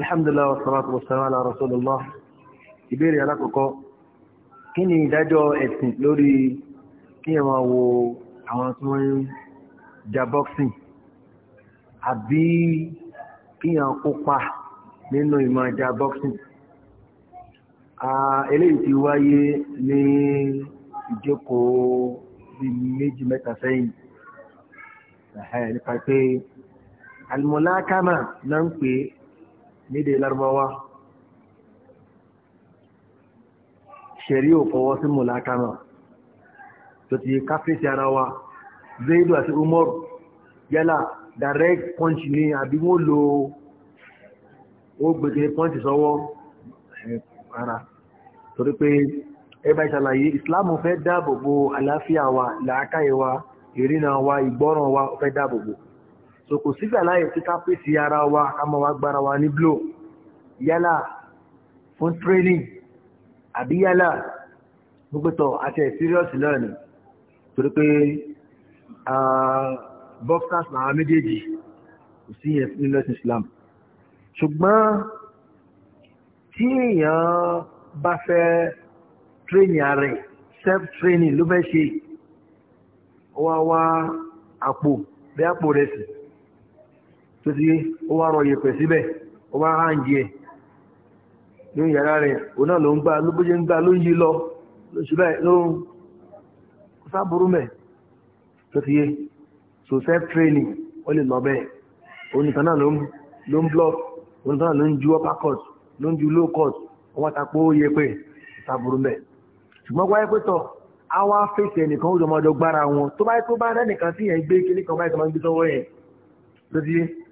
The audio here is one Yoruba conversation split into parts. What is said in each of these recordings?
alhamdulillah wa salatu wa salam ala rasulillah ìbéèrè alákọ̀ọ́kọ́ kí ni ìdájọ́ ẹ̀sìn lórí kí ẹ máa wo àwọn tí wọ́n ń ja boxing àbí kí yàn kópa nínú ìmọ̀ ja boxing eléyìí ti wáyé ní ìjókòó bí méjì mẹ́ta sẹ́yìn nípa pé almulakama náà ń pè ni da larbawa ṣẹ̀rí ò fọwọ́ sí mù lákánà ti káfíìsì ara wa zaidu àti umar yálà direct punch ni àbí wọ́n lo ó gbèsè punch sọ́wọ́ ara torí pé ẹbá ìṣàlàyé ìsìláàmù fẹ́ dáàbòbò àlàáfíà wa làákàyè wa ìrìnà wa ìgbọ́ràn wa fẹ́ dáàbòbò so kò sígbà láyé tí ká pèsè ara wa ká máa gbára wa ní blow yálà fún training àbí yálà gbogbo tọ̀ àti serious learning torí pé boxers làwọn méjèèjì kò sí yẹn fún Islam ṣùgbọ́n tí èèyàn bá fẹ́ training ara rẹ̀ self training ló fẹ́ ṣe wá wá àpò bí àpò rẹ̀ sì tó ti ó wá rọ yẹ̀pẹ̀ síbẹ̀ ó wá hànjì ẹ̀ ní yàrá rẹ̀ ò náà ló ń gbá ló bójé ń gbá ló ń yí lọ lóṣùbẹ̀ ló ń sáàbùrú mẹ́ tó ti yé so self training ó lè lọ bẹ́ẹ̀ onìkan náà ló ń block onìkan náà ló ń ju upper court ló ń ju low court wọ́n wá tapó yẹ̀pẹ̀ sáàbùrú mẹ́ ṣùgbọ́n wáyé pé tọ̀ á wá fèsì ẹnìkan ó jọmọdọ gbára wọn tó báyé tó bá rẹ́nìkan tí yẹn gbé kíníkan báyìí tó máa ń gbé sọ́wọ́ yẹn tó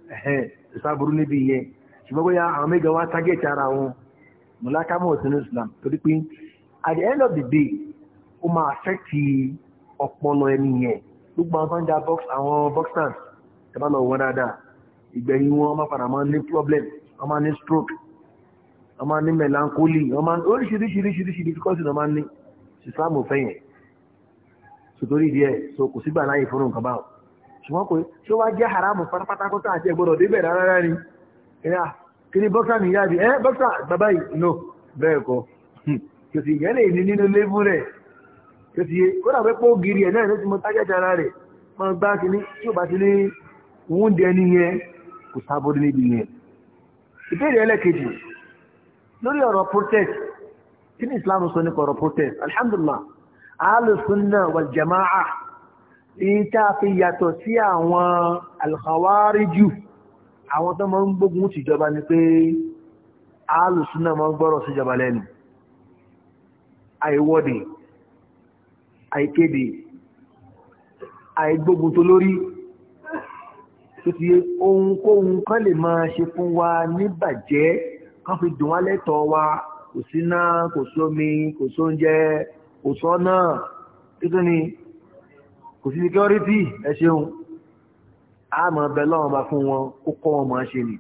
ìsàbùrú níbi yẹn ṣùgbọ́n bóyá àwọn mẹ́gà wá target ara wọn mùlákàmọ́ òsínú islam torí pé at the end of the day ó máa affect ọpọlọ ẹni yẹn gbogbo àwọn fanja box àwọn boxers ẹ bá lọ wọ́n dáadáa ìgbẹ̀yìn wọn máa padà máa ní problem wọ́n máa ní stroke wọ́n máa ní melancholy wọ́n máa ní oríṣiríṣiríṣiríṣi difficulty wọ́n máa ní islam ò fẹ́ yẹn sòtórí díẹ̀ so kò sígbà láyè fún nǹkan báwọn ṣùgbọ́n kò ṣó wá jẹ́ haramu pátápátákọ́tà àti ẹgbọ́dọ̀ débẹ̀ rárá ni ẹ̀yà kí ni bọ́ksà nìyá bí ẹ́ bọ́ksà bàbá yìí no bẹ́ẹ̀ kọ́ hmm, kò sì yẹ́ lè ní nínú lébú rẹ̀ kò sì kó dàbẹ́ pé ó giri ẹ̀ náà ló ti mọ tágẹ́tì ara rẹ̀ máa gbá sí ní tí ò bá sí ní wúndẹ ẹni yẹn kò sábọ́dé níbi yẹn ìbéèrè Islam sọ nípa ọ̀rọ̀ alhamdulillah alùsùn náà wal jama'a èyí tá a fi yàtọ̀ sí àwọn alkhawariju àwọn tó máa ń gbógun ti ìjọba ni pé alùsùnà máa ń gbọ́rọ̀ sí ìjọba lẹ́nu àìwọ́de àìkéde àìgbógun tó lórí tó ti ohunkóhun kan lè máa ṣe fún wa níbàjẹ́ kan fi dùn wá lẹ́tọ̀ọ́ wa kò síná kò sómi kò sóúnjẹ kò sọ́nà títún ni sí security ẹ ṣeun a mọ̀ bẹ lọ́wọ́n bá fún wọn ó kọ́ wọn máa ṣe nì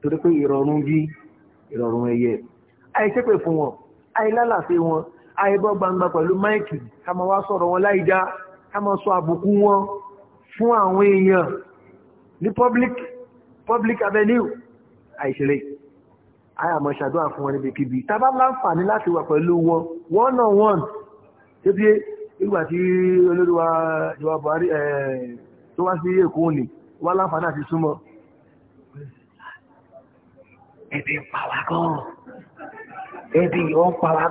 torí pé ìrọ̀rùn yí ìrọ̀rùn ẹyẹ àìṣépè fún wọn àìlálàsẹ wọn àìbọ́ gbangba pẹ̀lú máìkì ká máa wá sọ̀rọ̀ wọn láìdá ká máa sọ àbùkù wọn fún àwọn èèyàn ní public public avenue àìṣeré àyàmọ̀ ṣàdúrà fún wọn níbi kíbi tábà láǹfààní láti wà pẹ̀lú wọn one on one tó bí nígbà tí olórí wa Buhari tó wá sí Èkó òní wá náà ti súnmọ́ ebi ń pa wá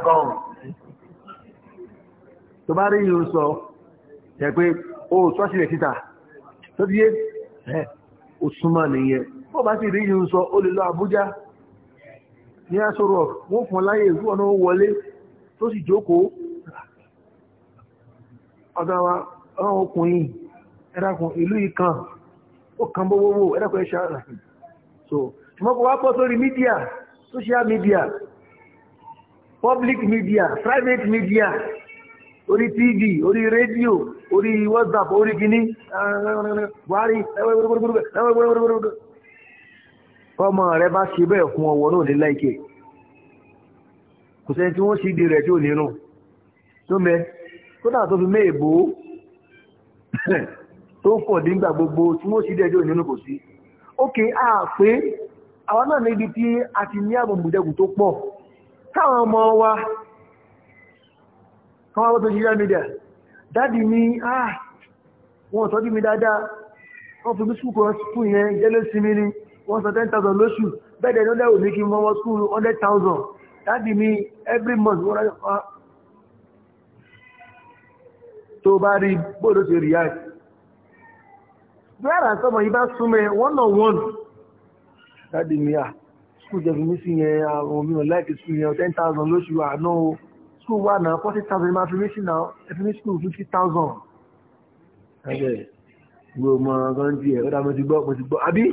gan tó bá rí yìí ń pé o tó sílẹ̀ títà tó bí ẹ o súnmọ́ nìyẹn bó bá sì rí yìí ń sọ o lè lọ ọ ìlú ọ̀nà ọ̀gáwa ọ̀rọ̀ ọkùnrin ẹ̀dàkùn ìlú ìkan ó kan gbogbogbò ẹ̀dàkùn ẹ̀ṣà àràfin so ṣùgbọ́n wá pọ́ sórí mídíà social media public media private media orí tv orí rédíò orí whatsapp orí gini buhari ọmọ rẹ bá ṣe bẹ́ẹ̀ fún ọwọ́ náà ní láìkè kò sẹ́ni tí wọ́n ṣe ìdí rẹ̀ tí ò nínú tó mẹ́ kódà tó fi méèbó tó ń pọ̀ nígbà gbogbo tí wọ́n sì dẹ́jọ́ ìnínú kò sí ókè á pé àwọn náà níbi tí a ti ní àbòmùdẹ́gùn tó pọ̀ káwọn ọmọ wa káwọn wọ́n tó jíjá mídíà dáàdì ní àà wọ́n tọ́jú mi dáadáa wọ́n fi skúkọ̀ skú yẹn jẹ́lé sinmi ni wọ́n sọ 10,000 lóṣù bẹ́ẹ̀dẹ̀ ní ọdẹ́ òní kí mọ́wọ́ skú 100,000 dáàdì ní every month tó bá rí gbọ́dọ̀ ṣe rí àì bí ara sọmọ yìí bá súnmọ́ one on one dáàdì mi à skul jẹ́ fún mi sí yẹn àwọn mi ò láìkí skul yẹn ten thousand lóṣù àná o skul wà náà forty thousand máa fi mí sí náà ẹ fi mí skul fifty thousand. ẹgbẹ́ ìwé ọmọ ọgọ́rùn ti ẹ̀ ọ̀dà mo ti gbọ́ mo ti gbọ́ àbí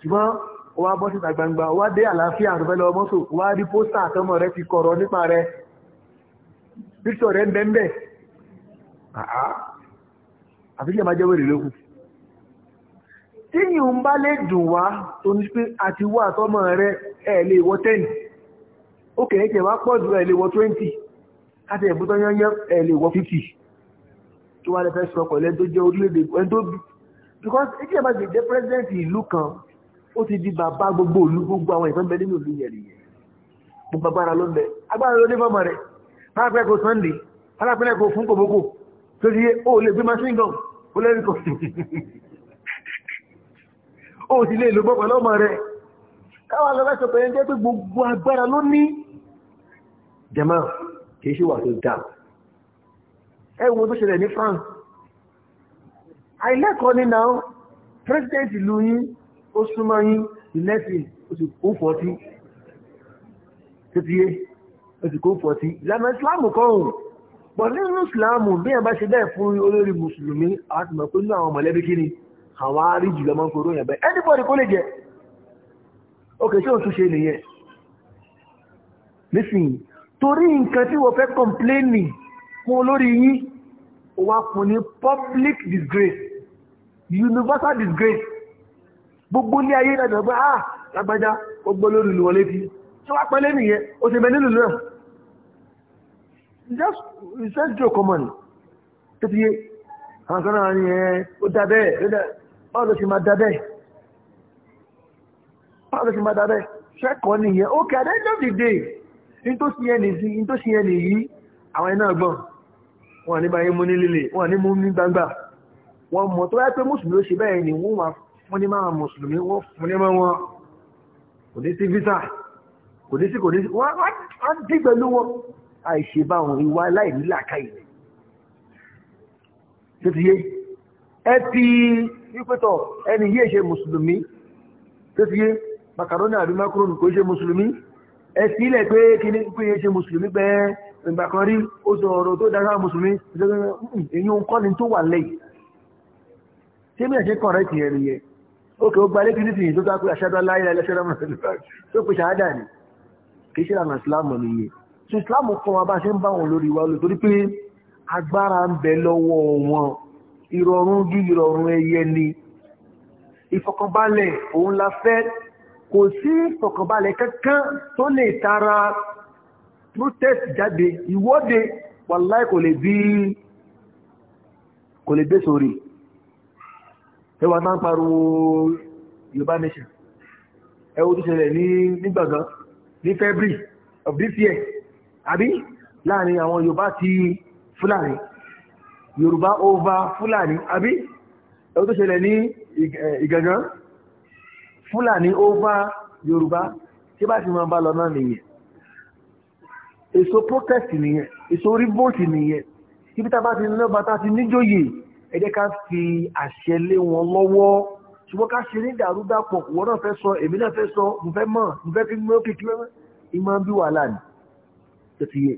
ṣùgbọ́n wá bọ́ síta gbangba wá dé àlàáfíà àtọ́fẹ́ lọ mọ́tò wá rí pósítà àtọmọ rẹ ti kọ̀rọ̀ nípa rẹ píṣọ̀ rẹ ń bẹ́ńbẹ́ àá àfi kí ẹ máa jẹ́ wèrè lókù tíyìn ń bá lè dùn wá tó ní pé àti wá àtọ́mọ̀ rẹ ẹ̀ lè wọ tẹ́nì ó kẹ̀ẹ́ kẹ̀ wá pọ̀ jù ẹ̀ lè wọ twenty láti ẹ̀bùtọ́ yányán ẹ̀ lè wọ fifty tó wá lè fẹ́ sọ pẹ̀lú ẹni tó jẹ́ orílẹ̀-èdè ẹni tó bí because èyí ẹ̀ bá ti jẹ́ president ìlú kan ó ti di bàbá gbogbo ìlú gbogbo àwọn ìfẹ́ bẹ nínú ìlú yẹn nìyẹn gbogbo agbára ló ń bẹ agbára ló dé fọmọ rẹ alápẹ̀rẹ̀ kò Sunday alápẹ̀rẹ̀ kò fún kòbókò tó ti yé ó lè gbé machine gun ó lẹ́rìí kan ó sì lè lò bọ́ pẹ̀lú ọmọ rẹ̀ káwọn alọ́lá sọ pé ẹni jẹ́ pé gbogbo agbára ló ní jẹ̀mọ́ kìí ṣe wà tó dá ẹ wo tó ṣẹlẹ̀ ní France àìlẹ́kọ̀ọ́ ní náà president ìlú yín ó súnmọ́ yín ìlẹ́sìn oṣù kó fọ́tí tó ti yé oṣù kó fọ́tí ìlànà Islam kọ́ òun bọ̀ nínú ìsìláàmù bí ẹ bá ṣe bẹ́ẹ̀ fún olórí mùsùlùmí àti mọ̀ àwọn mọ̀lẹ́bí kí ni àwọn arí jùlọ máa ń korò yẹn anybody kó lè jẹ́ òkè tí òun tún ṣe nìyẹn nísìnyí torí nǹkan tí wọ́n fẹ́ kọ̀mpléènì fún olórí yín wá fún ní public disgrace universal disgrace gbogbo ní ayé ìdájọ́ pé ah lágbájá ó gbọ́ lórí ìlú wọlé tí wọ́n pẹ́lẹ́ nìyẹn ó ti bẹ nílùú náà just research joke ọmọ ni tó ti yé àwọn kan náà ni ẹ ó dá bẹ́ẹ̀ báwo ló ṣe máa dá bẹ́ẹ̀ báwo ló ṣe máa dá bẹ́ẹ̀ ṣẹ́kọ̀ọ́ nìyẹn ó kẹ́ àdájọ́ dìde ní tó ṣe yẹn nìyí ní tó ṣe yẹn nìyí àwọn iná gbọ́n wọn ní báyé mú ní líle wọn ní mú ní gbangba wọn mọ̀ tó yá pé mùsùlùmí ó ṣe bẹ́ẹ̀ ni wọ́n wà fún ní máa mùsùlùmí wọ́n fún ní máa wọn kò ní sí visa kò ní sí kò ní sí wọ́n á dí pẹ̀lú wọn àìṣe báwọn ìwà aláìní làákàyè tó ti yé ẹ ti wípétọ̀ ẹni yé ṣe mùsùlùmí tó ti yé makaroni àbí makaroni kò ṣe mùsùlùmí ẹ sí ilẹ̀ pé kí ní pé ṣe mùsùlùmí pé ìgbà kan rí ó sọ ọ̀rọ̀ tó dára mùsùlùmí hmm, èyí ń kọ́ tó wà lẹ́yìn tí mi ẹ̀ṣẹ́ kàn rẹ̀ tì ẹ̀rù yẹ ókè ó gba lé kìí tìyìn tó ká pé àṣádọ́ láyé so islam kọ́ wọn bá ṣe ń bá wọn lórí wa lò torí pé agbára ń bẹ lọ́wọ́ wọn ìrọ̀rùn bí ìrọ̀rùn ẹyẹ ni ìfọ̀kànbalẹ̀ òun la fẹ́ kò sí ìfọ̀kànbalẹ̀ kankan tó lè tara protest jáde ìwọ́de wàláì kò lè bí kò lè dé sórí ẹwà náà pariwo Yorùbá nation ẹwọ́ tó ṣẹlẹ̀ ní gbàngán ní February of this year àbí láàrin àwọn Yorùbá ti Fúlàní Yorùbá over Fúlàní àbí ẹ̀wọ́n tó ṣẹlẹ̀ ní Ìgàngán Fúlàní over Yorùbá tí bá ti máa bá lọ náà nìyẹn èso protest nìyẹn èso revolt nìyẹn ibi tá bá ti ní ọba tá ti níjòyè ẹ jẹ́ ká fi àṣẹ lé wọn lọ́wọ́ ṣùgbọ́n ká ṣe ní wọ́n náà fẹ́ sọ èmi náà fẹ́ sọ mo fẹ́ mọ̀ mo fẹ́ fi mọ́ kìkì ìmọ̀ bí wàhálà ni tó ti yé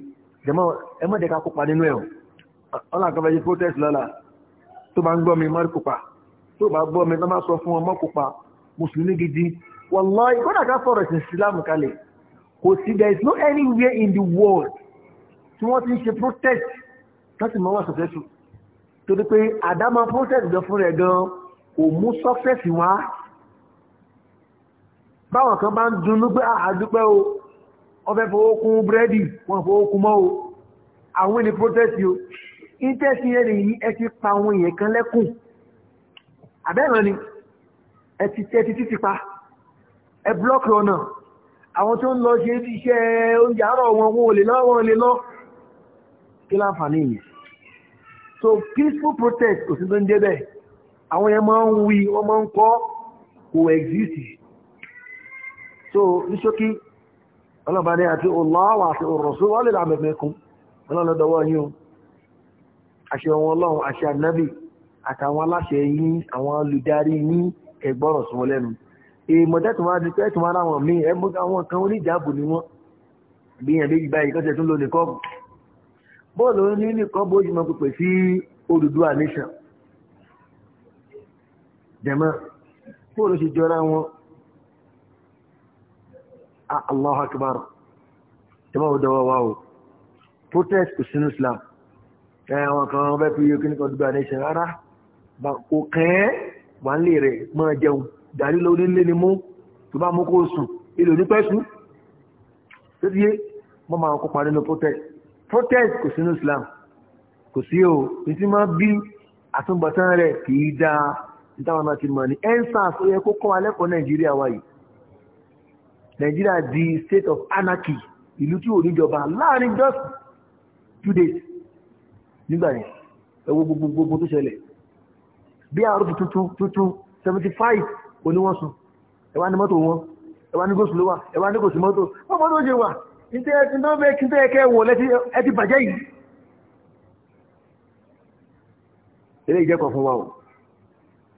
jẹmọ́ ẹ mọ́ dẹ̀ka kópa nínú ẹ̀ ọ̀nà kan fẹ́ protest lọ́la tó bá ń gbọ́ mi má kópa tó bá gbọ́ mi má sọ fún ọmọ kópa mùsùlùmí gidi wallahi kódà ká sọ̀rọ̀ ìsìn kalẹ̀ kò sí there is no anywhere in the world tí wọ́n ti ń ṣe protest láti mọ́ wá successful torí pé àdámọ́ protest gan fún rẹ̀ gan kò mú success wá báwọn kan bá ń dunnú pé àdúpẹ́ ah, o ọfẹ́ fowó kún búrẹ́dì wọn fowó kún mọ́ o àwọn ni protest o interest yẹn nìyí ẹ ti pa àwọn èèyàn kan lẹ́kùn àbẹ́ràn ni ẹ ti títí pa ẹ búlọ́ọ̀kì ọ̀nà àwọn tó ń lọ ṣe iṣẹ́ oúnjẹ àárọ̀ wọn wọn ò lè lọ wọn ò lè lọ kí láǹfààní yìí so peaceful protest kò sí tó ń débẹ̀ àwọn yẹn máa ń wí wọ́n máa ń kọ́ kò exist so ní ṣókí ọlọ́ba ní àti Allah wa àti ar-rasul wọ́n lè láàmẹ̀ mẹ́kún ọlọ́lọ́dọ̀wọ́ yíò àṣẹ wọn ọlọ́run àṣẹ ànábì àtàwọn aláṣẹ yín àwọn olùdarí yín ẹgbọ́rọ̀ sí wọn lẹ́nu èèmọ̀tẹ́ tó máa di pé tó máa ráwọn míì ẹgbú àwọn kan oníjàbù ni wọ́n bí bọ́ọ̀lù ṣe jọra wọn Ah, Allahu akbar ẹ máa dọwọ́ wa o protest kò sínú Islam ẹ̀wọ̀n kan wọ́n bẹ́ẹ̀ fi yóò kí ní kan dúgbà nation rárá kò kẹ́ẹ́ wà ń lè rẹ̀ máa jẹun dàrí lórí lé ni mú tó bá mú kó sùn ilò ní pẹ́sù tó ti yé mọ́ máa kópa nínú protest protest kò sínú Islam kò sí o ní tí máa bí àtúbọ̀tán rẹ̀ kì í dáa nítawọn náà ti mọ̀ ní ensa ó yẹ kó kọ́ alẹ́kọ̀ọ́ Nàìjíríà wáyìí Nigeria di state of anarchy ìlú tí ò níjọba láàrin just two days nígbà yẹn ẹ wo gbogbo gbogbo tó ṣẹlẹ̀ bí àrùn tuntun tuntun seventy five oníwọ̀nsùn ẹ wá ní mọ́tò wọn ẹ wá ní gòsù ló wà ẹ wá ní gòsù mọ́tò wọ́n mọ́tò ṣe wà níta ẹ ti ń bẹ́ẹ̀ kí n tẹ́ ẹ kẹ́ wọ̀ lẹ́tí ẹ ti bàjẹ́ yìí. eré ìjẹ́kọ̀ fún wa o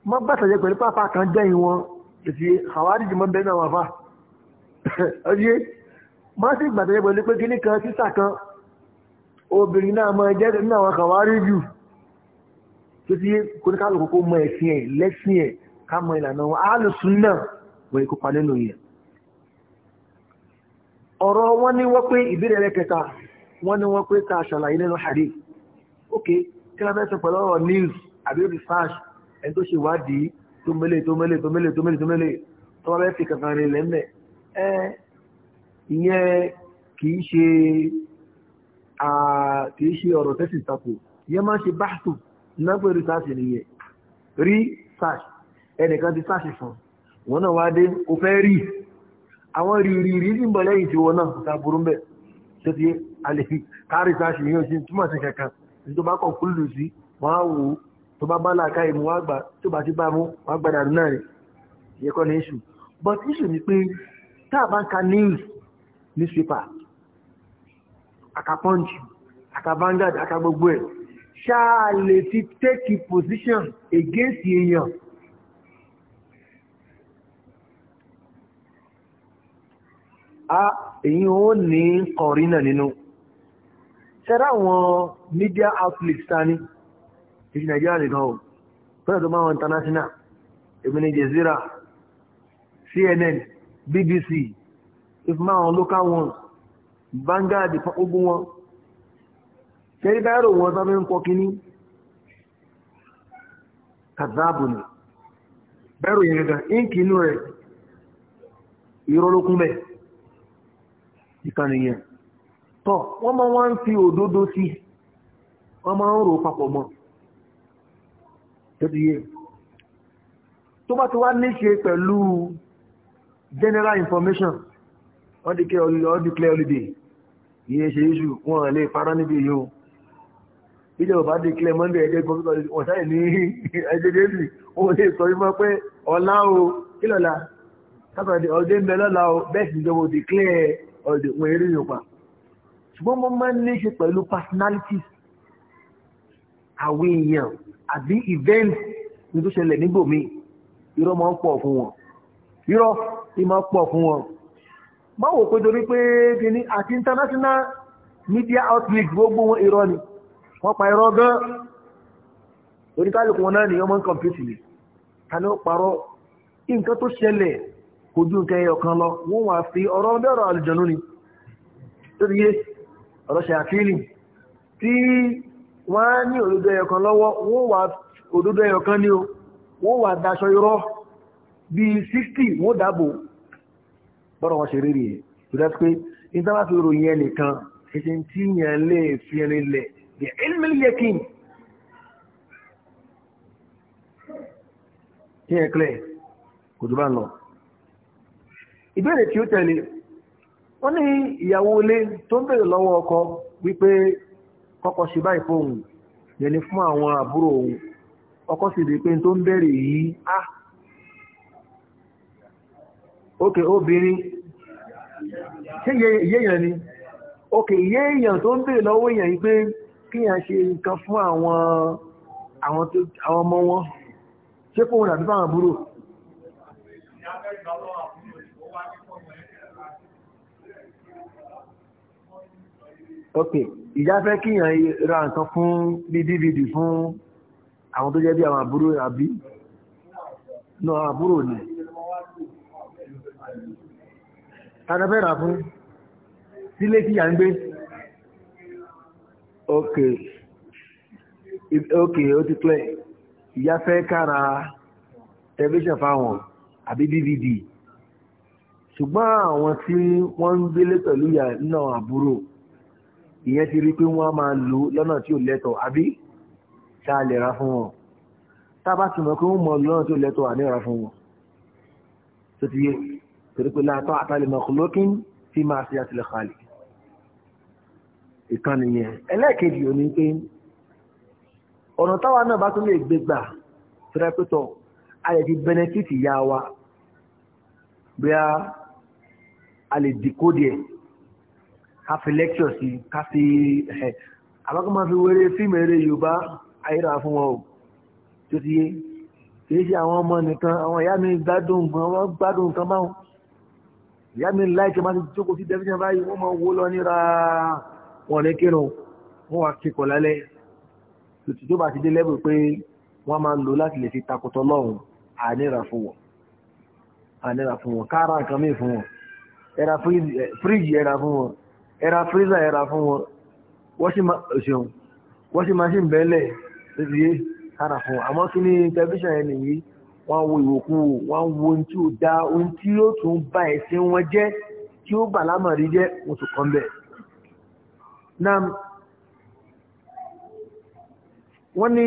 mọ́ bàtà jẹ́ pẹ̀lú pápá kan jẹ́yìn wọn èsì àwárí jùmọ̀ bẹ́ẹ̀ náà wà fáà ọdíyé má sì gbàtẹ́jẹ́ pẹ̀lú pé kíní kan sísà kan obìnrin náà mọ ẹjẹ́ nínú àwọn kan wá rí jù tó ti kó ní kálukú kó mọ ẹ̀sìn ẹ̀ lẹ́sìn ẹ̀ ká mọ ìlànà wọn alùsùn náà wọ́n kópa nínú yẹn ọ̀rọ̀ wọn ni wọ́n pé ìbéèrè rẹ̀ kẹta wọ́n ni wọ́n pé ta ṣàlàyé nínú hadith ok kí la fẹ́ sọ pẹ̀lú ọ̀rọ̀ news àbí research ẹni tó ṣèwádìí tó mélé tó mélé tó mélé tó mélé tó mélé tó wọ́n fẹ́ fi kankan rìn lẹ́mẹ̀ẹ́ ẹ́ ìyẹn kìí ṣe kìí ṣe ọ̀rọ̀ tẹ́sì tako ìyẹn máa ń ṣe báṣù lápẹ́ rìsáàṣì nìyẹn rí sáàṣì ẹnìkan ti sáàṣì fún wọn náà wá dé o fẹ́ rí àwọn rìrì rí sí ìbọn lẹ́yìn tí wọn náà ta burú mbẹ́ tó ti àlefi kárí sáàṣì yóò ṣe túmọ̀ sí kankan ní tó bá kọ̀ kúlù sí wọn á wò ó tó bá bá làákà ìmú wá gbà tó bá ti bá mú wọn á gbàdà náà yẹ kọ́ ní táàbá ń ka news newspaper àkàpọ́ǹtì àkàbángàd àkàgbogbo ẹ̀ ṣáà lè ti take position against èèyàn a èyí ó ní kọ̀rí náà nínú ṣẹ́rá àwọn media outlets ta ní ìṣẹ́ Nigeria nìkan ò fẹ́rẹ̀ tó máa wọn international èmi ni Jazeera CNN BBC if not àwọn local ones Vanguard ogun wọn ṣẹ́rí báyàrò wọn sábẹ́ ń pọ̀ kíní kàzáàbù ni bẹ́rù yẹn gan ínkì inú rẹ̀ ìrọlókún bẹ̀ ìkànnìyàn tọ́ wọ́n máa wá ń fi òdodo sí wọ́n máa ń rò papọ̀ mọ́ tẹ́tù yẹ tó bá ti wá níṣe pẹ̀lú general information wọ́n declare holiday ìyẹn ṣe issue wọ́n lè fara níbi yìí o ìjọba bá declare monday ẹgbẹ́ gbọ́gbọ́ wọ́n sáyẹ̀ ní ẹgbẹ́gbẹ́sì wọ́n lè sọ wípé pé ọ̀la o kí lọ́la sábàdì ọdẹ ń bẹ lọ́la o bẹ́ẹ̀ sì ìjọba declare ọ̀dẹ̀ wọ́n eré yòpa ṣùgbọ́n mo máa ń ní ṣe pẹ̀lú personalities àwọn èèyàn àbí events ní tó ṣẹlẹ̀ nígbòmí irọ́ máa ń pọ̀ fún wọn irọ́ ìmọ̀ pọ̀ fún wọn báwo pé torí pé kìíní àti international media outlet gbogbo wọn irọ́ ni wọ́n pa irọ́ gan oníkálùkù wọn náà ni ọmọ ń kọ̀mpútì ni ta ni ó parọ́ nǹkan tó ṣẹlẹ̀ kò ju nǹkan lọ wọ́n wà fi ọ̀rọ̀ bẹ́ẹ̀ ọ̀rọ̀ àlùjọ̀nú ni tó ti yé ọ̀rọ̀ ṣe tí wọ́n á ní òdodo lọ́wọ́ wọ́n wà òdodo ni bí 60 wọ́n dáàbò bọ́rọ̀ wọn ṣe rí rí ẹ̀ tó dá pé ìtàbá fi ròyìn ẹ nìkan ètò tí yẹn lè fi rin lẹ̀ bí ilmil yakin tí yẹn kílẹ̀ kò tó bá ń lọ. ìbéèrè tí ó tẹ̀lé wọ́n ní ìyàwó ilé tó ń bèrè lọ́wọ́ ọkọ wípé kọ́kọ́ ṣe báyìí fóun yẹn ni fún àwọn àbúrò òun ọkọ sì rí i pé tó ń bèrè yìí ah ókè obìnrin ṣe yéèyàn ni ókè yéèyàn tó ń bèèrè lọ́wọ́ èèyàn yìí pé kíyàn ṣe nǹkan fún àwọn ọmọ wọn ṣé kóhun dàbí fáwọn àbúrò ok ìyá fẹ́ kíyàn ra nǹkan fún bí dvd fún àwọn tó jẹ́ bí àwọn àbúrò àbí náà àbúrò ni tàbí fẹ́ rà fún sílé tí yà ń gbé ok ok ó ti clear ìyá fẹ́ kára tẹlifíṣàn fáwọn àbí dvd ṣùgbọ́n àwọn tí wọ́n ń gbélé pẹ̀lú ìyá náà àbúrò ìyẹn ti rí pé wọ́n á máa lò lọ́nà tí ò lẹ́tọ̀ọ́ àbí ṣá lè ra fún wọn tá a bá ti mọ̀ pé wọ́n mọ̀ lọ́nà tí ò lẹ́tọ̀ọ́ àní ra fún wọn tó ti yé torí pé láàtọ́ àtàlẹ̀ mọ̀kúlókín fi máa fi àtìlẹ̀ kàlẹ̀ ìkànnì yẹn ẹlẹ́ẹ̀kejì ò ní pé ọ̀nà táwa náà bá tún lè gbé gbà tẹ́rẹ́pẹ́tọ̀ ayẹ̀ ti bẹnẹfìtì ya wa bí a a lè dìkódì ẹ̀ ká fi lẹ́kṣọ̀ sí ká fi ẹ̀ àbákọ́ máa fi wéré fíìmù eré Yorùbá ayéra fún wọn o tó ti yé kì ṣe àwọn ọmọ nìkan àwọn ìyá mi gbádùn nǹkan wọn gbádùn nǹkan báwọn ìyá mi láìkẹ́ máa ti jókòó sí tẹ́lifíṣàn báyìí wọ́n máa wó lọ níra wọn ní kírun wọ́n wá kíkọ̀ lálẹ́ tòtù tó bá ti dé lẹ́bù pé wọ́n máa lò láti lè fi takùtọ̀ lọ́hùn àníra fún wọn àníra fún wọn kára nǹkan míì fún wọn ẹra fíríjì ẹra fún wọn ẹra fíríza ẹra fún wọn wọ́n sì máa ṣì ń bẹ́lẹ̀ lóṣìṣẹ́ kára fún wọn àmọ́ kí ní tẹlifíṣàn yẹn nìyí wọ́n wo ìwòkú wọ́n wo ohun tí ó dá ohun tí yóò tún bá ẹ̀sìn wọn jẹ́ tí ó bà lámàrí jẹ́ wọ́n tún kàn bẹ̀. na wọ́n ní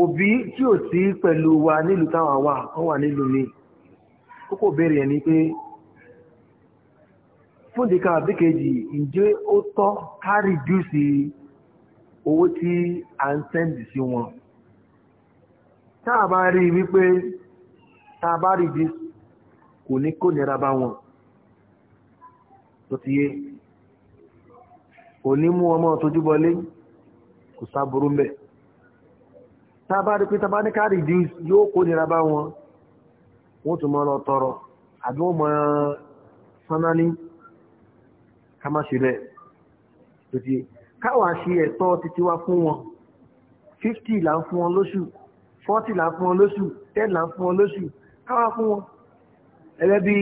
òbí tí ò sí pẹ̀lú wa nílùú táwọn wà wọ́n wà nílùú mi kókò béèrè ẹ̀ ni pé fún ìdíkà ǹjẹ́ ó tọ́ ká owó tí à ń sẹ́ǹdì sí wọn táà bá rí wípé táà bá rí bí kò ní kó nira bá wọn tó ti yé kò ní mú ọmọ tójú bọlé kò sáburú mbẹ̀ táà bá rí pé táà bá ní káàrí dí yóò kó nira bá wọn wọ́n tún mọ́ lọ tọrọ àbí wọ́n mọ́ sánà ní tó ti yé káwàá ṣe ẹ̀tọ́ títí wá fún wọn 50 là ń fún wọn lóṣù fọ́tì là ń fún wọn lóṣù tẹ́ẹ̀ là ń fún wọn lóṣù káwá fún wọn ẹ̀rẹ́ bí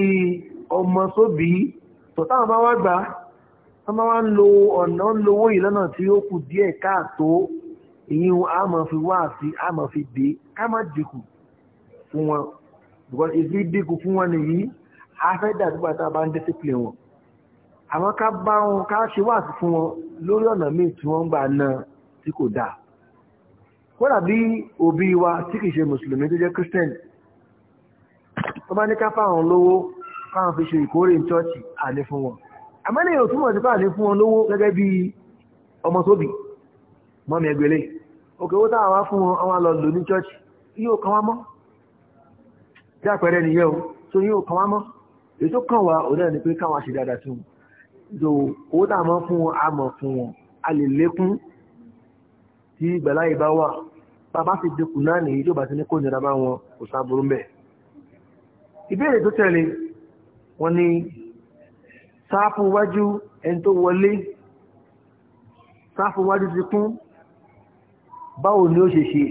ọmọ sóbì tọ̀táwọn bá wá gbà wọ́n bá wá ń lo ọ̀nà ń lo owó yìí lọ́nà tí ó kù díẹ̀ káàtó èyí a máa fi wá àfi a máa fi dé ká má dínkù fún wọn because èsì dínkù fún wọn nìyí a fẹ́ dàgbà tá a bá ń discipline wọn àwọn ká bá wọn ká ṣe wáàsí fún wọn lórí ọ̀nà míì tí wọ́n gbà náà tí kò dáa kódà bí òbí wa tí kìí ṣe mùsùlùmí tó jẹ́ christian tó bá ní ká fáwọn lówó káwọn fi ṣe ìkórè ní chọ́ọ̀chì àní fún wọn àmọ́ ní èrò túmọ̀ sí pé àní fún wọn lówó gẹ́gẹ́ bí ọmọ tóbi mọ́mi ẹgbẹ̀lẹ́ òkè owó táwọn wá fún wọn àwọn lọ ní chọ́ọ̀chì yóò kàn ni pé káwọn ṣe dáadáa sí wọn owó táwọn fún tí ìgbàláyè bá wà bàbá ti dínkù náà nìyí tó bá ti ní kó nira bá wọn kò sáburú mbẹ. ìbéèrè tó tẹ̀lé wọn ni sáàpù wájú ẹni tó wọlé sáàpù wájú ti kún báwo ni ó ṣe ṣe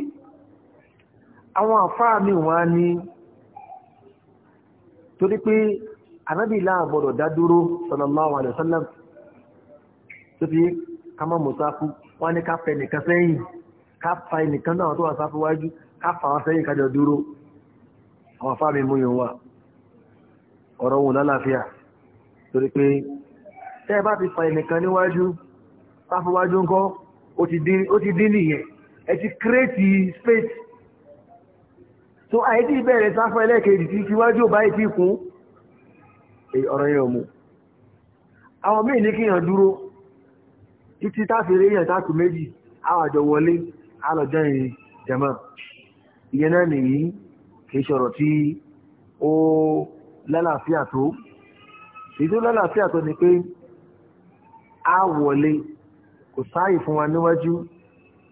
àwọn àfáà mi wọ́n á torí pé anábì láàbọ̀dọ̀ dádúró sallallahu alaihi wasallam tó fi ká má sáàpù wọ́n ní ká fẹ́ nìkan sẹ́yìn ká fa ẹnìkan náà tó wà sáfẹ́ wájú ká fà wá sẹ́yìn kájọ dúró àwọn afá mi mú yòówà ọ̀rọ̀ wọn lálàáfíà torí pé tẹ́ ẹ bá ti fa ẹnìkan níwájú sáfẹ́ ńkọ́ ó ti dín nìyẹn ẹ ti kírètì space so àìdí ìbẹ̀rẹ̀ sáfẹ́ ẹlẹ́kẹ̀ẹ́dì tí iwájú ò bá ì ọ̀rọ̀ yẹn ò mú àwọn míì ní kíyàn dúró títí táfèrè èèyàn táàkù méjì àwàjọ wọlé àlọ́jọ́ ìrìn jẹ̀mọ́ ìyẹn náà nìyí kìí ṣọ̀rọ̀ tí ó lálàáfíà tó èyí tó lálàáfíà tó ni pé a wọlé kò sáàyè fún wa níwájú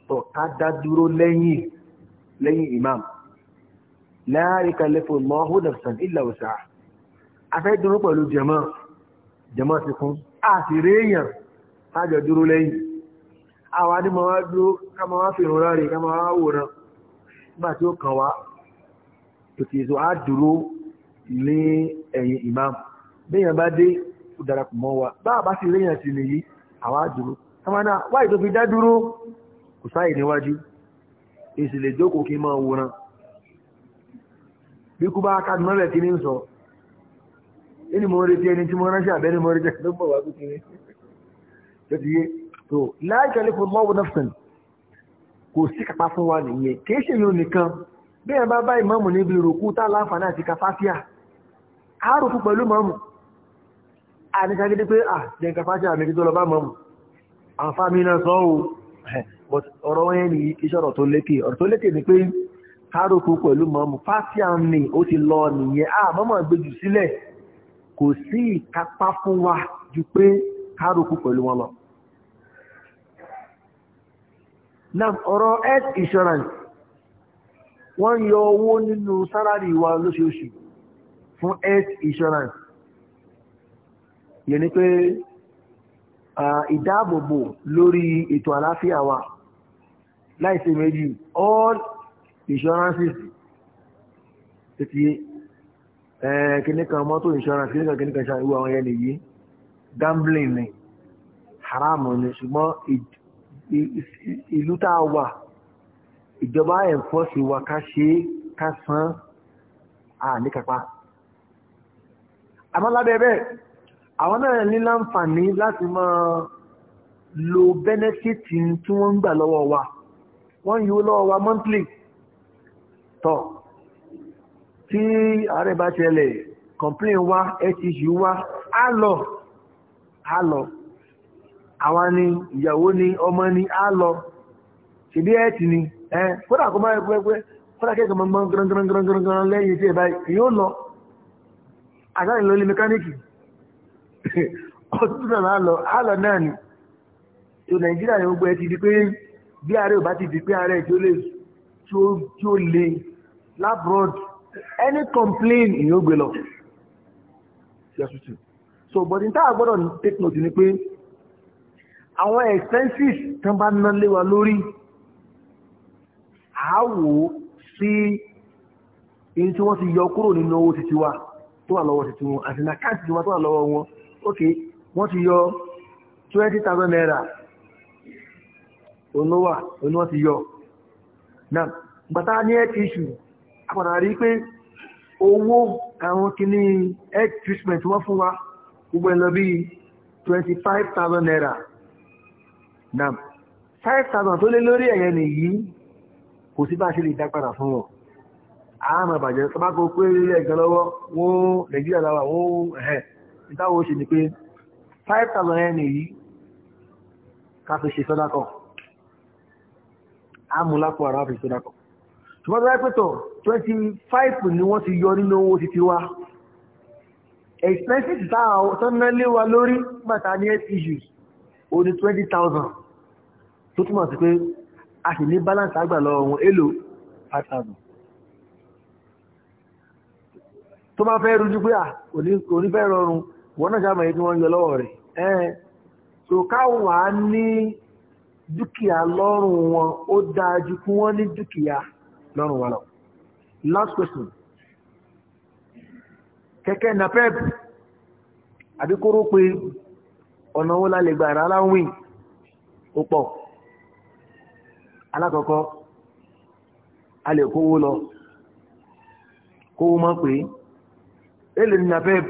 tó ká dá dúró lẹ́yìn lẹ́yìn imam la yukallifu Allahu nafsan illa wus'aha afẹ́ dúró pẹ̀lú jẹ̀mọ́ jẹ̀mọ́ ti fún àti rí àjọ dúró lẹ́yìn àwọn anímọ̀ wá dúró káma wá fi ìrora rẹ̀ kama wá wòran nígbà tí ó kàn wá tòkè èso á dúró ní ẹ̀yìn imam béèyàn bá dé ó mọ́ wa bá bá sì nìyí àwa dúró kámaná ah, wáyé tó fi dá dúró kò sáyè níwájú jókòó kí bí kú bá kí ní sọ ẹni ẹni tí tó ti yé tó la yukallifu Allahu nafsan kò sí kápá fún wa nìyẹn kì í ṣe yóò nìkan bí ẹ bá bá ìmáàmù níbi ìrùkú tá láǹfààní àti kàfáfíà á rùkú pẹ̀lú mọ́mù àníkàgídé pé à jẹ́ kàfáfíà àmì tó lọ bá mọ́mù àǹfààní náà sọ ò but ọ̀rọ̀ yẹn ni iṣẹ́ ọ̀rọ̀ tó lékè ọ̀rọ̀ tó lékè ni pé á rùkú pẹ̀lú mọ́mù fáfíà ni ó ti lọ nìyẹn à mọ́mù gbé jù kárùkù pẹ̀lú wọn lọ. na ọ̀rọ̀ health insurance wọ́n yọ owó nínú sálárì wa lóṣooṣù fún health insurance yẹ ni pé ìdáàbòbò lórí ètò àlàáfíà wa láìsí méjì all insurances títí ẹ̀ẹ́kìníkan mọ́tò insurance kìníkan kìníkan ṣàríwá àwọn ẹni yìí gambling ni haram ni ṣùgbọ́n ìlú tá a wà ìjọba ẹ̀fọ́sì wa ká ṣe ká san á ní kápá àmọ́ lábẹ́ bẹ́ẹ̀ àwọn náà ní láǹfààní láti máa lo bẹ́nẹ́fìtì tí wọ́n ń gbà lọ́wọ́ wa wọ́n yíó lọ́wọ́ wa monthly tọ̀ tí ààrẹ bá ṣẹlẹ̀ complain wa ẹ̀ wa á lọ alọ lọ àwọn ni ìyàwó ni ọmọ ni alọ lọ ṣèbí ẹ̀ẹ́tì ni ẹ́ kódà kó máa pẹ́ pẹ́ kẹ́kọ̀ọ́ máa gbọ́n grangrangrangrangran lẹ́yìn tí lọ àtàrí lórí mẹkáníkì ọdún ẹ so but n táà gbọ́dọ̀ take note ni pe àwọn expenses tan ba ná lé lori lórí si sí èyí tí wọ́n ti yọ kúrò nínú owó títí wa tó wà lọ́wọ́ títí wọn àti nà káàtì wa tó wà lọ́wọ́ wọn ok wọ́n ti yọ twenty thousand naira olówà oní wọ́n ti yọ na gbàtà ní health issue àpàdà rí pé owó àwọn kìíní health treatment wọ́n fún wa gbogbo ẹ̀ lọ bí twenty five thousand naira na five thousand tó lé lórí ẹ̀yẹ nìyí kò sí bá ṣe lè dá padà fún wọn àmà bàjẹ́ tó bá kó pé ilé ẹ̀gbẹ́ lọ́wọ́ wọ́n nàìjíríà lára wọ́n ẹ̀hẹ́ ìtawọ̀ ṣe ni pé five thousand naira nìyí ká fi ṣe sọ́dákọ̀ àmúlápò ara fi sọ́dákọ̀ ṣùgbọ́n tó twenty five ni wọ́n ti yọ nínú owó títí wá Expensive tánà lé wa lórí bàtà ní issues ó ní 20,000 tó túnmọ̀ sí pé a sì ní balance àgbà lọ ohun èlò 5,000 tó bá fẹ́ rújú pé à onífẹ́ rọrùn wọ́n náà sáàmà yìí tí wọ́n yọ lọ́wọ́ rẹ̀ ẹ́ẹ̀ so káwọn á ní dúkìá lọ́rùn wọn ó dáa ju kí wọ́n ní dúkìá lọ́rùn wọn last question kẹ́kẹ́ napep àbíkúrú pé ọ̀nà la lálẹ́ gbà rárá ń wìn ó pọ̀ alákọ̀ọ́kọ́ a lè kówó lọ kówó mọ́ pé èlé ní napep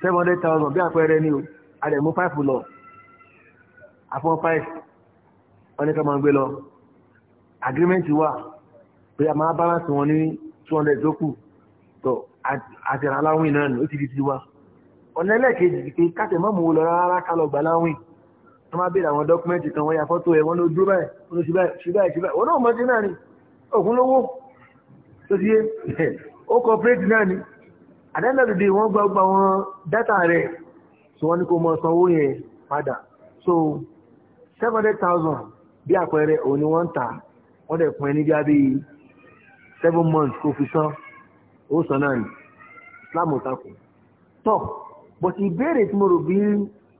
seven hundred thousand bí àpẹẹrẹ ni o a lè mú five lọ àfọ̀n five wọ́n ní ká máa gbé lọ agreement wà pé a máa balance wọn ní two hundred tó kù tó. So, àtẹ̀rà aláwìn náà nù ó ti di tiwa ọ̀nà ẹlẹ́ẹ̀kejì pé káṣẹ̀ mọ́ mú lọ rárá ká lọ gbà láwìn wọ́n máa béèrè àwọn dọ́kúmẹ́ntì kan wọ́n ya fọ́tò ẹ̀ wọ́n ló dúró báyìí wọ́n ló ṣùgbọ́n ìṣùgbọ́n òun náà mọ̀ sí náà ni òkun lówó tó ti yé ó kọ́pẹ́rẹ́tì náà ni àdẹ́nàdìdì wọ́n gba gba wọn dátà rẹ̀ tí wọ́n ní kó mọ́ sanwó yẹn padà so seven hundred thousand bí àpẹẹrẹ òun ni wọ́n ń tà ó sọ náà ni takò tọ́ but ìbéèrè tí mo rò bí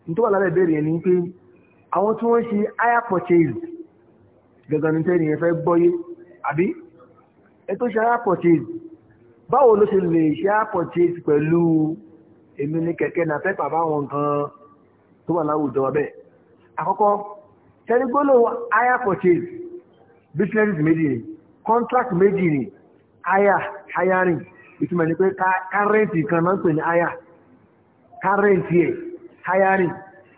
n tó wà lábẹ́ ìbéèrè yẹn ni pé àwọn tí wọ́n ṣe higher purchase gẹ̀gàn ní tẹ́ni yẹn fẹ́ gbọ́yé àbí ẹ tó ṣe higher purchase báwo ló ṣe lè ṣe higher purchase pẹ̀lú èmi ní kẹ̀kẹ́ náà fẹ́ bàbá àwọn nǹkan tó wà láwùjọ bẹ́ẹ̀ àkọ́kọ́ tẹ́ni gbólóhùn higher purchase Businesses méjì ni contract méjì ni higher hiring ìtumọ̀ ni pé kárẹ́ǹtì kan náà ń pè ní háyà kárẹ́ǹtì ẹ̀ háyárì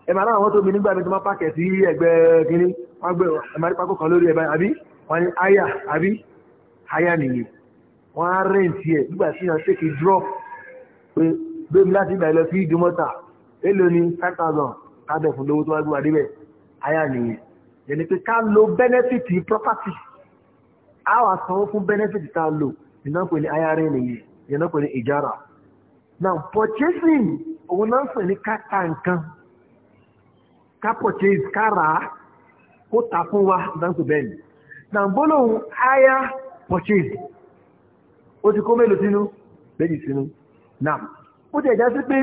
ẹ̀ máa láwọn mọ́tò mi nígbà mi tó máa pàkẹ́ sí ẹgbẹ́ kínní wọ́n gbé ẹ̀ máa rí pákó kan lórí ẹ̀ báyìí àbí wọ́n ní háyà àbí háyà nìyí wọ́n á rẹ́ǹtì ẹ̀ nígbà tí yàn ṣèkì drop pé bébí láti ìgbà ìlọ sí ìdúmọ́ta èlò ní five thousand káàdọ̀ fún lówó tó wá gbúwa débẹ̀ háyà nìyí yẹn ni pé ká lo benefit property á wà sanwó fún benefit tá a lò ìnáwó pè ní háyà rẹ̀ yẹn náà pè ní ìjára now purchasing òun náà pè ní káta nǹkan ká purchase kára kó ta fún wa dáńtò bẹ́ẹ̀ ni now gbólóhùn higher purchase ó ti kó mélòó sínú méjì sínú now ó ti ẹ̀já sí pé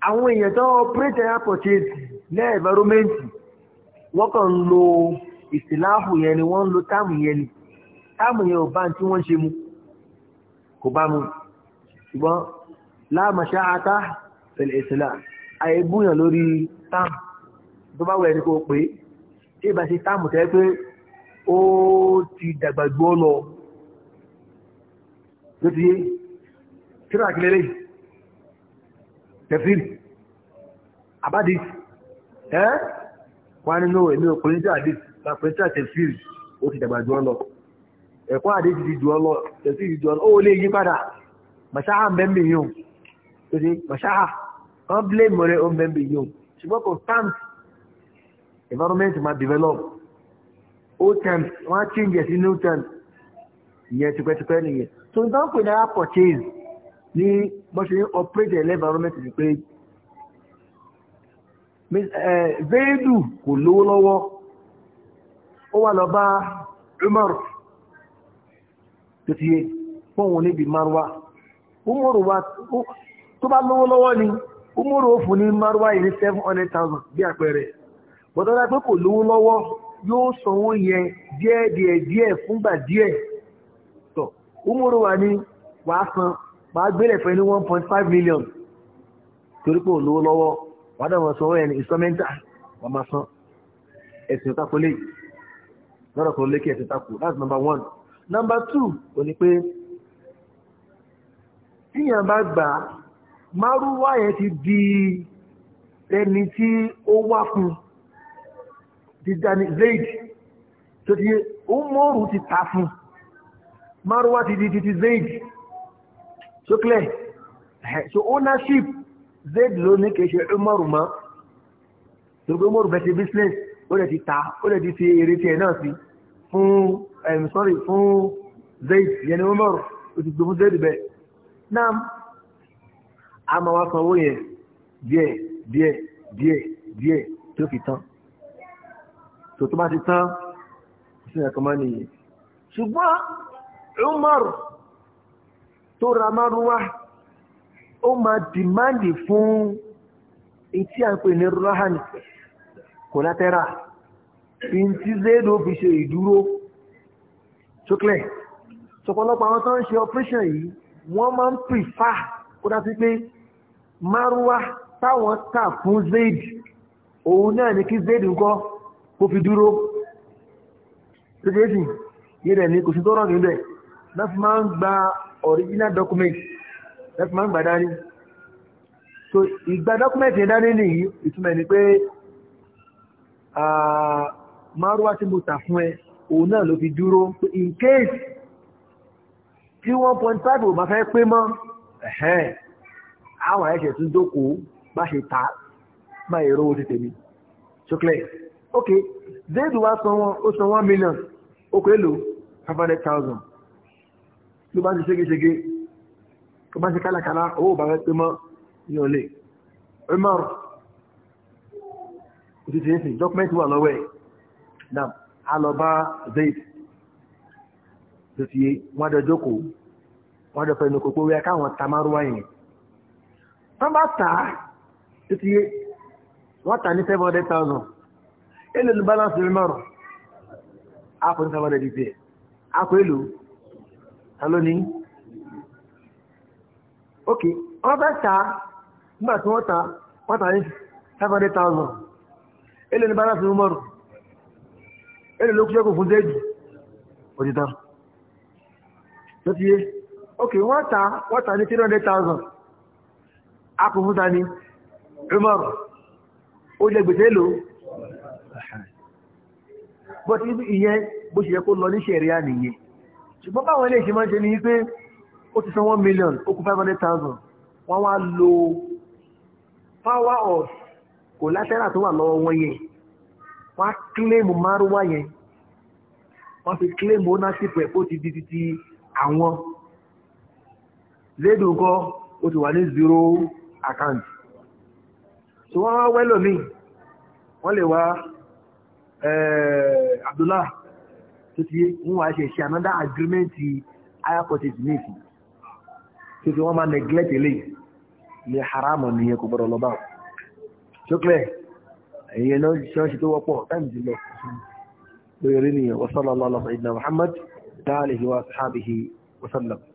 àwọn èèyàn tó operate higher purchase ní environment wọ́n kàn ń lo ìsìláàfù yẹn ni wọ́n ń lo táàmù yẹn ni táàmù yẹn ò bá tí wọ́n ṣe mu kò bá mu ṣùgbọ́n láàmàṣá ata fẹ̀lẹ̀ ìsìlá àìbúyàn lórí táàmù tó bá wẹ̀ ní kò pé tí ìbá ṣe táàmù tẹ́ pé ó ti dàgbà ju ọ lọ ló ti yé kíra àkílẹ́lẹ́ tẹ̀fíìlì àbádìí ẹ́ wọ́n á nínú èmi ní ní tí àtẹ̀fíìlì ó ti dàgbà ju lọ. ẹ̀kọ́ àdé ti dìdù ọlọ ó lè yí padà tó wọ́n blé mọ̀rẹ́ ó environment ma develop old times wọ́n sí new times ìyẹn tipẹ́tipẹ́ nìyẹn so náírà purchase ní operate environment pé kò lówó lọ́wọ́ ó tó ti yé fóun níbi marwa umaru wa tó bá lówó lọ́wọ́ ni umaru ó fún ní marwa yìí ní seven hundred thousand bí àpẹẹrẹ bọ́dọ̀ dá pé kò lówó lọ́wọ́ yóò sanwó yẹn díẹ̀ díẹ̀ díẹ̀ fúngbà díẹ̀ tó umaru wa ni wàá san wàá gbélé fẹ́ ní one point five million torí pé ò lówó lọ́wọ́ wàá dà wọ́n sanwó yẹn ní ìsọ́mẹ́ntà wàá máa san ẹ̀sìn ìtakò lé lọ́dọ̀ kan lékè ẹ̀sìn ìtakò that's number one. Number two kò ní pé tíyàn bá gbà á márúwá yẹn ti di ẹni tí ó wá fún dídání zaid tó ti umoru ti ta fún márúwá ti di titi zaid so clear so ownership zaid ló ní kìí ṣe umoru mọ́ tó gbé umoru bẹ́ẹ̀ ti business ó lè ti ta ó lè ti fi èrè tiẹ̀ náà sí fún. ẹ̀m sọ́rí fún Umar fún Zayd a máa wá yẹn díẹ̀ díẹ̀ díẹ̀ díẹ̀ tó fi tán tó tó ti tán sínú ẹ̀kọ́ máa nìyẹn Umar fún pè ṣókílẹ̀ ṣọ̀pọ̀lọpọ̀ àwọn tó ń ṣe operation yìí wọ́n máa ń prefer kó dá sí pé márúwá táwọn tà fún zaid òun náà ni kí zaid ń kọ́ kó fi dúró ṣéṣeéṣì yé rẹ̀ ní kò sí tó rọ̀ níbẹ̀ náà fi máa ń gba original document náà fi máa ń gbà dání so ìgbà document yẹn dání nìyí ìtumọ̀ ni pé ah, márúwá tí mo tà fún ẹ òun náà ló fi dúró in case tí one point five ò bá fẹ́ pé mọ́ ẹ̀hẹ́n àwọn ẹ̀ṣẹ̀ tún dókòó bá ṣe ta má èrò owó tètè mi ṣókèlè ok zaidu wa san wọn ó san one million ó pé lò thousand ló bá ń ṣe ségesège ó bá ń ṣe kálàkálà owó bá fẹ́ pé mọ́ ní ọ̀lẹ́ Umar òtítì ẹ̀sìn dọ́kúmẹ́ntì wà lọ́wọ́ ẹ̀ náà alọba zayd tó fi wọ́n dẹ̀ jókòó wọ́n dẹ̀ fẹ́nu kòkó wẹ́ káwọn tamaruwa yẹn wọ́n bá tà á tó fi wọ́n tà ní seven hundred thousand èlò ní balance rẹ̀ mọ́rọ̀ àpò ní seven hundred dìde àpò alóní ok wọ́n fẹ́ tà á nígbà tí wọ́n tà wọ́n tà ní seven hundred thousand ní balance rẹ̀ mọ́rọ̀ ẹni ló kíṣẹ́kù fún zéèdì òtítà tó ti yé ok wọ́n ta wọ́n ta ní 300,000 akù fún ta ní Umar ó jẹ gbèsè lò bọ́tí ìyẹn bó ṣe yẹ kó lọ ní ṣẹ̀ríà nìyẹn ṣùgbọ́n báwọn ilé ìṣe máa ń ṣe ní wípé ó ti san 1 million ó kù 500,000 wọ́n wá lo power of collateral tó wà lọ́wọ́ wọn yẹn wọ́n á kílèmù márúwá yẹn wọ́n fi kílèmù ownership ẹ̀ ó ti di ti ti àwọn zéèdù nǹkan ó ti wà ní zero account so wọ́n wá wẹ́lò mí wọ́n lè wá eh, Abdullah tó ti ń wá ṣe ṣe another agreement higher purchase méjì tó ti wọ́n máa neglect هي نوج شاشة وقوع أنت له ويرني وصلى الله على سيدنا محمد تعالى وأصحابه وسلم